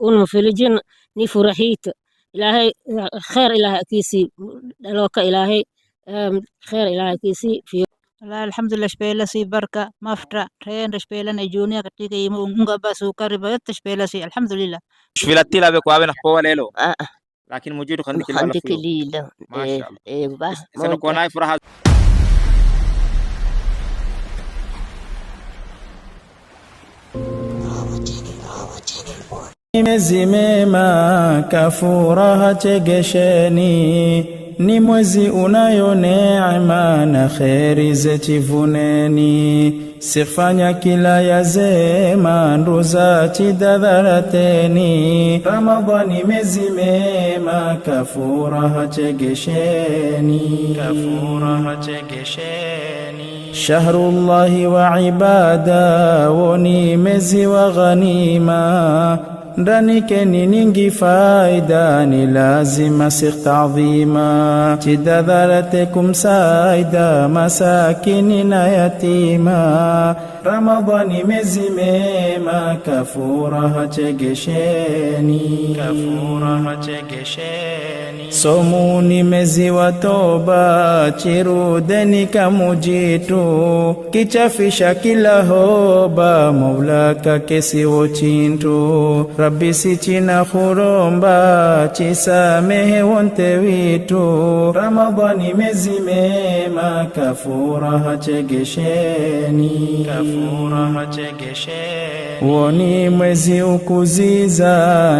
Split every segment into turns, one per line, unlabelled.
una filijin رحيت إلهي خير إلهي كيسي دلوك إلهي خير إلهي كيسي في
الله الحمد لله شبيلا سي بركة مفتر رين رشبيلا نجوني قتيك يمو انغا باسو كاربا يتشبيلا سي الحمد لله
شبيلا تيلا بكو ابن اخبوا ليلو لكن موجود
خندك ليلو ما شاء الله
سنكون هاي فرحة
imezimema, kafura hachegesheni ni mwezi unayo neema, na kheri zetivuneni, sifanya kila ya yazema, nduza chidadharateni, Ramadhani mema kafura hachegesheni
kafura hachegesheni
Shahrullahi wa ibada, woni mezi wa ghanima ndanikke ni ningi faayda ni lazima siqta عظيما جد kumsaida masakini na yatima Ramadhani mezi mema, kafura hachegesheni,
kafura hachegesheni.
Somu ni mezi wa toba, chirudeni kamujitu, kichafisha kila hoba, Mola kakesi wochintu. Rabbi si china khuromba, chisamehe wonte witu. Ramadhani mezi mema, kafura hachegesheni, kafura huo ni mwezi ukuziza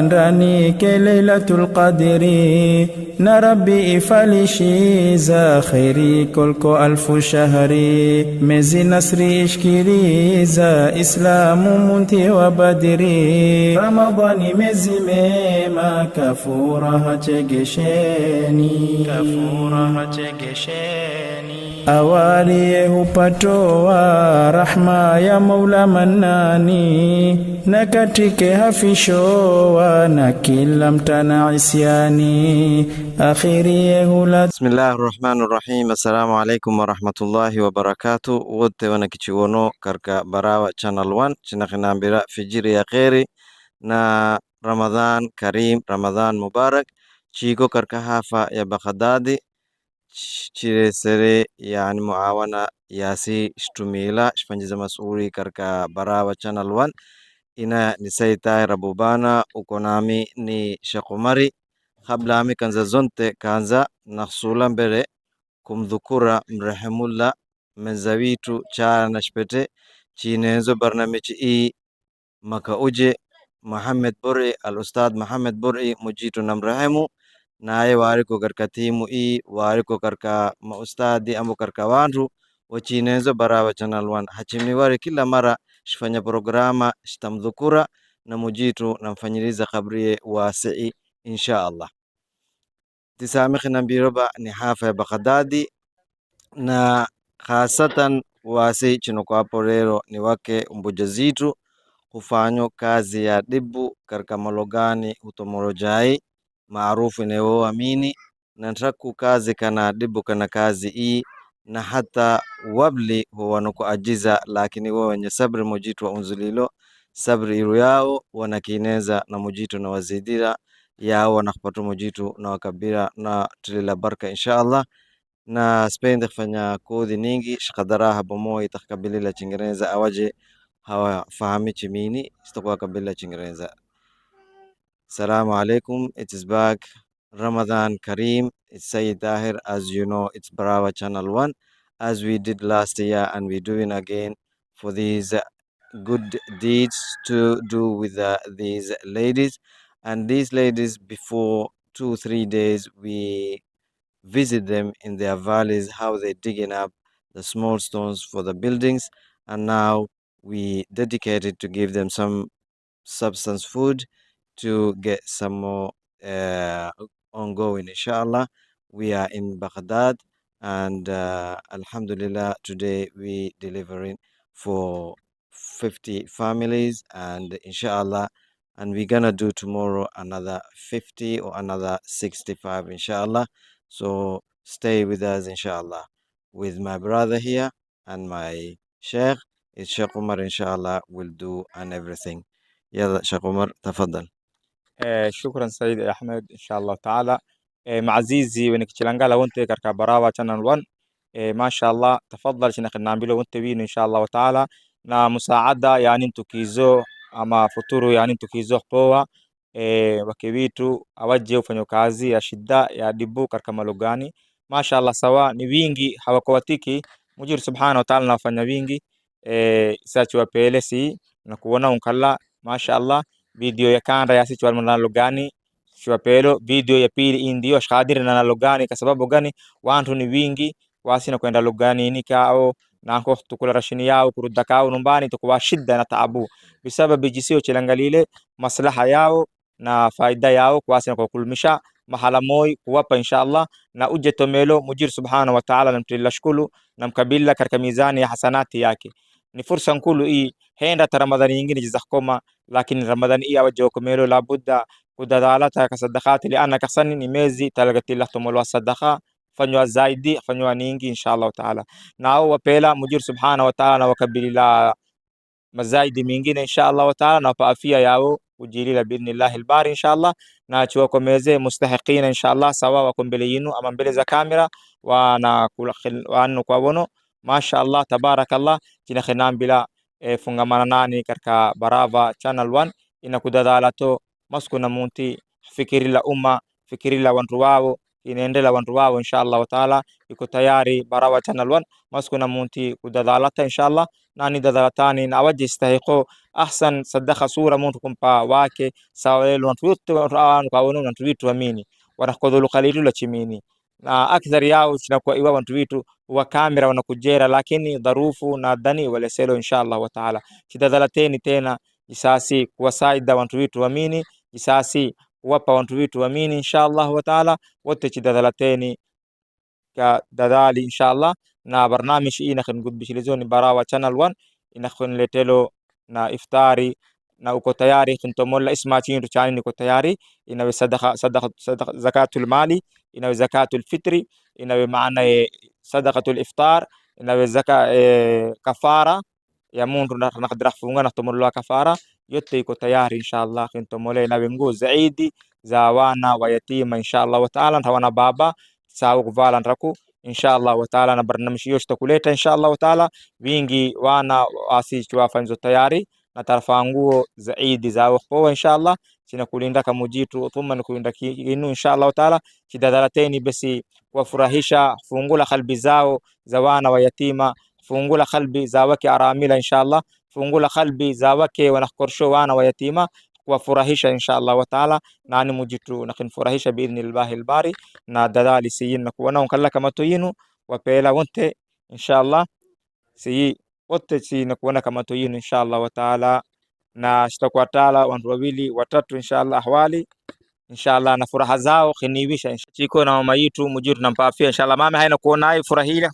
ndani Lailatul Qadri, na Rabbi ifalishiza kheri kolko alfu shahri, mezi nasri ishkiriza Islamu munti wa Badri. Ramadhani mezi mema kafura hachegesheni,
kafura hachegesheni,
awalie hupatoa rahma ya Mola Manani, na katike hafishowa na kila mtana isyani akhirie hula.
Bismillahir Rahmanir Rahim. Assalamu alaykum wa rahmatullahi wa barakatuh. Wote wanakichiwono karka Barawa Channel 1 chinakhinambira fijiri ya kheri na Ramadhan Karim, Ramadhan Mubarak chiko karka hafa ya Baghdadi sere yani mucaawano yaasi shtumiila shifanyisa masuri karka Barawa Channel 1 ina saita rabubana nami ni shakumari ami kanza zonte kanza khusula mbele kumdhukura mrehemula menzawitu na shpete chinezo barnamiji i maka uje Mohamed Buri al ustad Mohamed Buri mujitu na mrehemu naye wari kugarka timu i wari kugarka maustadi ambo karka wandu wachinezo barawa channel 1 hachimi wari kila mara shifanya programa shitamdhukura na mujitu na namfanyiriza kabrie wasii insha allah tisamikhi nambiroba ni hafa ya Baghdadi na khasatan wasi kwa porero ni wake umbuja zitu kufanyo kazi ya dibu karka malogani utomorojai maarufu inayoamini na nraku kazi kana dibu kana kazi hii na hata wabli wanaku ajiza lakini wao wenye sabri mujitu wa unzulilo sabri iru yao wanakineza na mujitu na wazidira yao wanakupatu mujitu na wakabira na tulila baraka insha Allah na spende kufanya kodi ningi shakadaraha bomoa itakabili la Chingereza awaje hawafahamichi mini sitakuwa kabili la Chingereza
Assalamu alaikum. It is back. Ramadan Kareem. It's Sayyid Tahir. As you know, it's Barawa Channel 1, as we did last year, and we're doing again for these good deeds to do with uh, these ladies. And these ladies, before two, three days, we visit them in their valleys, how they're digging up the small stones for the buildings. And now we dedicated to give them some substance food to get some more uh, ongoing, inshallah. We are in Baghdad, and uh, Alhamdulillah, today we delivering for 50 families, and inshallah, and we're gonna do tomorrow another 50 or another 65, inshallah. So stay with us, inshallah, with my brother here and my sheikh. It's Sheikh Umar, inshallah, will do and everything. Yeah, شيخ umar تفضل
Eh, shukran Said Ahmed insha Allah taala. Eh, maazizi wenye kichilangala wonte karka barawa channel 1 eh, mashallah tafadhal shina kinambilo wonte wino insha Allah taala na musaada yani mtukizo ama futuru yani mtukizo poa eh, wakewitu awaje ufanya kazi ya shida ya dibu karka malugani mashallah sawa ni wingi hawakowatiki mujiri subhanahu wa taala nafanya wingi eh, sachi wapelesi na kuona unkalla mashallah video ya kanda ya yasi na nalo gani chwapelo video ya pili indio shadir na nalo gani kwa sababu gani wantu ni wingi wasi na kwenda lugani ni kao na ko tukula rashini yao kurudda kao numbani tukwa shida na taabu bisababu jisio chilangalile maslaha yao na faida yao kwasi na kulmisha mahala moy kuwapa inshallah na uje tomelo mujir subhana wa ta'ala, namtilashkulu namkabila mkabila katika mizani ya hasanati yake ni fursa nkulu hii, henda ta ramadhani nyingine jizakoma lakini ramadhani ii awa jokomelo labudda kudadalata kasadakati liana kasani ni mezi talagati la talagatilahtomolwa sadaka fanywa zaidi fanywa nyingi inshallah taala, na au wapela mujir subhana wa taala wataala la mazaidi mingine inshallah wa taala na afia yao ujili la ujilila biidhnillahi albari chuo kwa meze mustahiqina inshallah, allah sawa wakombele yinu ama mbele za kamera wa na kwa wono Masha Allah, tabarakallah. kina khinam bila e, fungamana nani katika Barava Channel 1 inakudadala to masku na munti fikiri la umma fikiri la wantu wao inaendelea wantu wao inshallah Allah taala iko tayari Barava Channel 1 masku na munti kudadalata insha Allah nani dadalatani na waje stahiqo ahsan sadaka sura muntu kumpa wake sawa leo watu wote wantu kwa wanu wantu vitu amini wanakodhulu kalitu la chimini na akthari yao chinakuwa iwa wantu witu wa kamera wanakujera lakini dharufu na dhani waleselo inshallah wa taala kidadalateni tena jisasi kuwasaida wantu witu wamini isasi kuwapa wantu witu wamini inshallah wa taala wote chidadhalateni ka dadali inshallah na barnamish inakhingudbishilizoni barawa channel 1 ina inakhonletelo na iftari na uko tayari tuntomola isma chintu chani niko tayari, inawe sadaqa sadaqa zakatul mali, inawe zakatul fitri, inawe maana e sadaqatul iftar, inawe zaka e, kafara ya mundu na nakadira funga na tomola kafara yote iko tayari inshallah. Kintomole inawe nguo zaidi za wana wa yatima inshallah wa taala, na baba sawa kuvala ndraku inshallah wa taala, na barnamishi yote kuleta inshallah wa taala, wingi wana asichwa fanzo tayari na tarafa nguo za zaidi za ukhuwa inshallah sina kulinda kamujitu thumma nikulinda kinu inshallah taala kidadarateni basi kuwafurahisha fungula kalbi zao za wana wa yatima fungula kalbi za wake aramila inshallah fungula kalbi za wake wanakorsho wana wa yatima kuwafurahisha inshallah wa taala nani mujitu na kinfurahisha nakinfurahisha biidhnillahi lbari na dadali siyin nakuwana unkalla kamatoyinu wapela wonte inshallah siyi wote na kuona kamato yenu inshallah wa taala, na sitakuwa taala wantu wawili watatu inshallah ahwali inshallah na furaha zao kiniwisha chiko na mama yitu na mpafia inshallah mama haina kuona furahile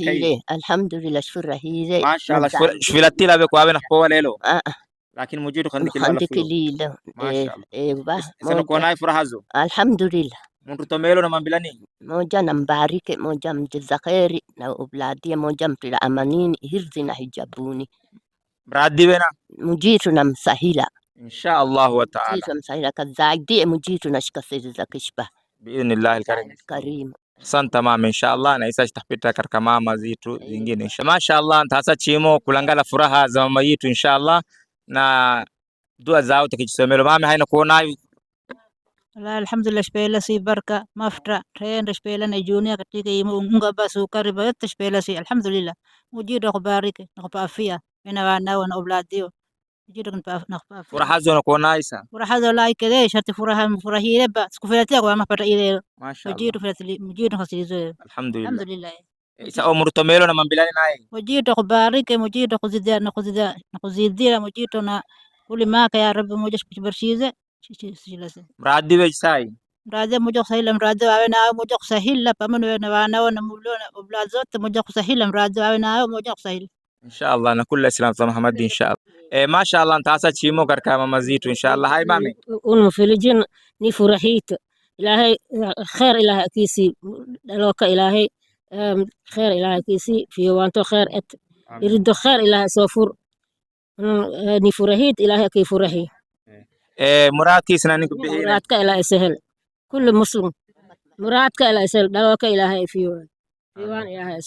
ile, alhamdulillah ile,
mashaallah shwila tila be kwa na poa lelo ah, ah lakini mujiri
kanikilala khandikililo mashaallah eh ba eh,
sana kuona furaha zo
alhamdulillah
Mtu tomelo na mambila nini?
Moja na mbarike, moja mjeza kheri na ubladie, moja mtila amanini hirzi na hijabuni wena? mujitu na msahila
insha allahu ta'ala.
mujitu na msahila kazaidie mujitu na shika siri za kishba
biidhnillahi Karim. Santa mama, insha allah na isa chitapita karka mama zitu zingine masha allah ntasa chimo kulangala furaha za mama yitu insha allah na dua zao takijisomelo mama haina kuona
Wala alhamdulillah shpela si barka mafta tenda shpela na junia katika imu unga ba sukari ba yote shpela si alhamdulillah mujira kubariki na kupa afia mina wanao na obladio mujira kupa na kupa afia
furaha zona kuona isa
furaha zona ikede shati furaha mfurahi ile ba sikufilatia kwa mapata ile mashallah mujira filatili mujira kusilizo alhamdulillah alhamdulillah
isa eh, umru tomelo na mambilani naye
mujira kubariki mujira kuzidia na kuzidia na kuzidia mujira na kulimaka ya rabbi mujira kubarshize
Mradi wey sai.
Mradi moja kusahili mradi wawe nao moja kusahila pamoja wewe na wanao na mulona obla zote moja mradi wawe nao moja kusahili.
na kula salam za Muhammad insha Eh, masha Allah chimo katika mama zetu insha Hai mami.
Unmufilijin ni furahita. Ilahi khair ilahi akisi daloka ilahi khair ilahi akisi fiyo wanto khair et irido khair ilahi sofur hmm, eh, ni furahit ilahi akifurahi.
Ee, eh, muraadkiisana ninka
bixiyo muraadka ilaa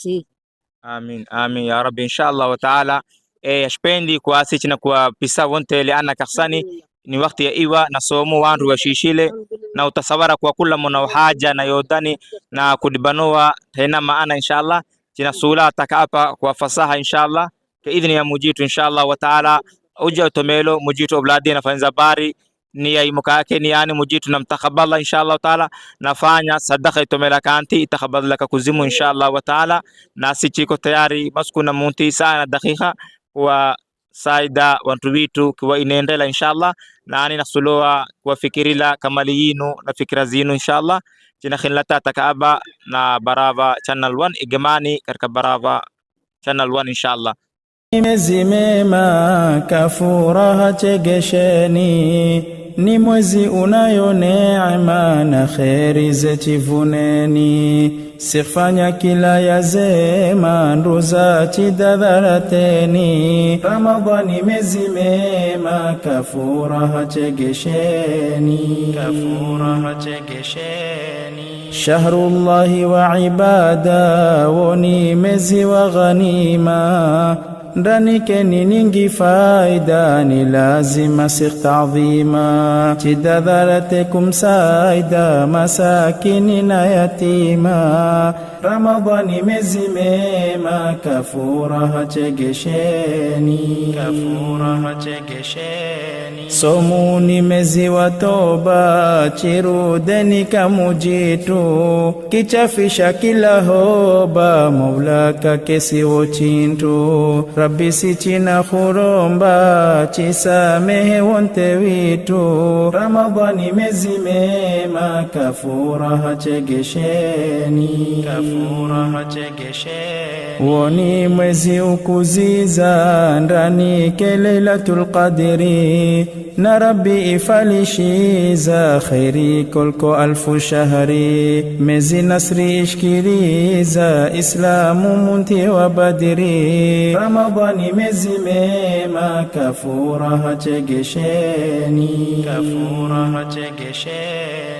amin amin ya rabbi insha allahu taala ee eh, shpendi kuasichina kuwapisa wontele ana kaksani ni wakti ya iwa na somo wandu washishile na utasawara kwa kula muna uhaja na yodani na kudibanua tena maana insha allah jina sula atakaapa kwa fasaha insha allah kaidhni ya mujitu insha allah wa taala uja tomelo mujitu obladi na fanya zabari nia imoka yake ni yani mujitu na mtakabala insha Allah taala nafanya sadaka itomela kanti itakabala ka kuzimu insha Allah wa taala na si chiko tayari masku na munti sana dakika wa saida wantu vitu kwa inaendela insha Allah ani nasuloa kwa fikirila kamali yinu na fikira zinu insha Allah jina khinlata takaaba na barava channel 1 igemani katika barava channel 1 insha Allah
Imezimema kafura hachegesheni, ni mwezi unayo neema na kheri zechivuneni, sifanya kila ya zema, nduza chidadharateni. Ramadhani mema, kafura hachegesheni,
kafura hachegesheni.
Shahrullahi wa ibada woni mezi wa ghanima ndanikke ni ningi faayda ni lazima siq تعظيما ci dadaalate kumsaayda masaakini na yatiima Ramadhani mezi mema, kafura hachegesheni,
kafura hachegesheni.
Somu ni mezi wa toba, chirudeni kamujitu, kichafisha kila hoba, Mola kakesi wochintu. Rabbi si china khuromba, chisamehe wonte witu. Ramadhani mezi mema, kafura hachegesheni, kafura Woni mwezi ukuziza ndani kelelatul qadri, na Rabbi ifalishiza kheri kolko alfu shahri. Mezi nasri ishkiriza Islamu munti wa badri, Ramadhani mezi mema kafura hategesheni,
kafura hategesheni.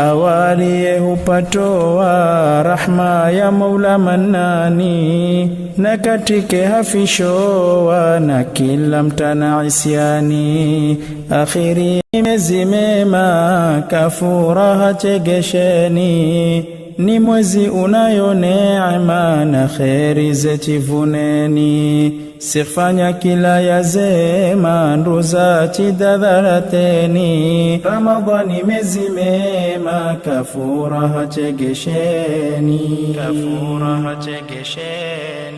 awalie hupatoa rahma ya Mola Manani, na katike hafishowa na kila mtana isiani. Akhiri mezi mema kafura hachegesheni, ni mwezi unayo neema na kheri zetivuneni sifanya kila ya yazema nduza chidadharateni Ramadhani mezi mema kafura hachegesheni
kafura hachegesheni